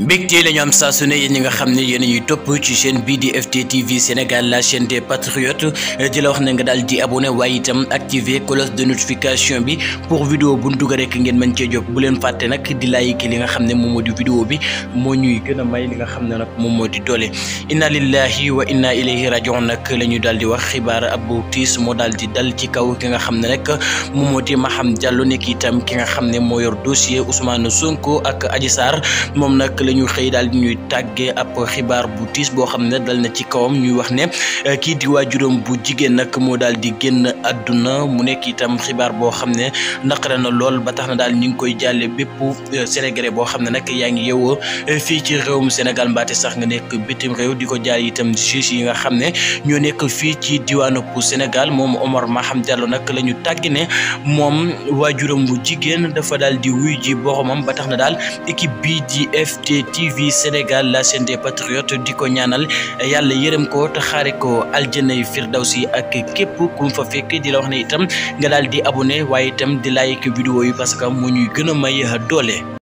mbégte la ñu am saa su ne nga xam ne yéen ñuy top ci chaîne BDFT TV Sénégal la chaîne des patriotes di la wax na nga dal di abonné way itam activer cloche de notification bi pour vidéo bu ndug rek ngeen mën ci jóg bu len faté nak di like li nga xamné ne modi vidéo bi mo ñuy gëna may li nga xamné nak nag modi dolé inna lillahi wa inna ilayhi rajiun nak la ñu daal di wax xibaar abu tiis mo dal di dal ci kaw ki nga xamné ne nag modi moo di Maham Diallo nekk itam ki nga xamné mo yor dossier Ousmane Sonko ak Adji Sarr mom nak la ñu xëy daal di ñuy tàggee ab xibaar bu tiis boo xam ne dal na ci kawam ñuy wax ne eh, kii di waajuram bu jigéen nag moo daal di génn àdduna mu nekk itam xibaar boo xam ne naqare na lool ba tax na daal ñu ngi koy jàlle bépp eh, Sénégalais boo xam ne nag yaa ngi yewoo eh, fii ci réewum senegal mbaate sax nga nekk bitim réew di ko jaal itam juge yi nga xam ne ñoo nekk fii ci diwaanu bu Sénégal moom Omar Maham Diallo nag la ñu tàgg ne moom waajuram bu jigéen dafa daal di wuy ji boromam ba tax na daal équipe bii di FT TV Sénégal la chaîne des patriotes di ko ñaanal yàlla yërëm ko te xaare ko aljanay firdawsi ak képp ku fa fekk di la wax ne itam nga daal di abonné waaye itam di like vidéo yi parce que mu ñuy gën a may doole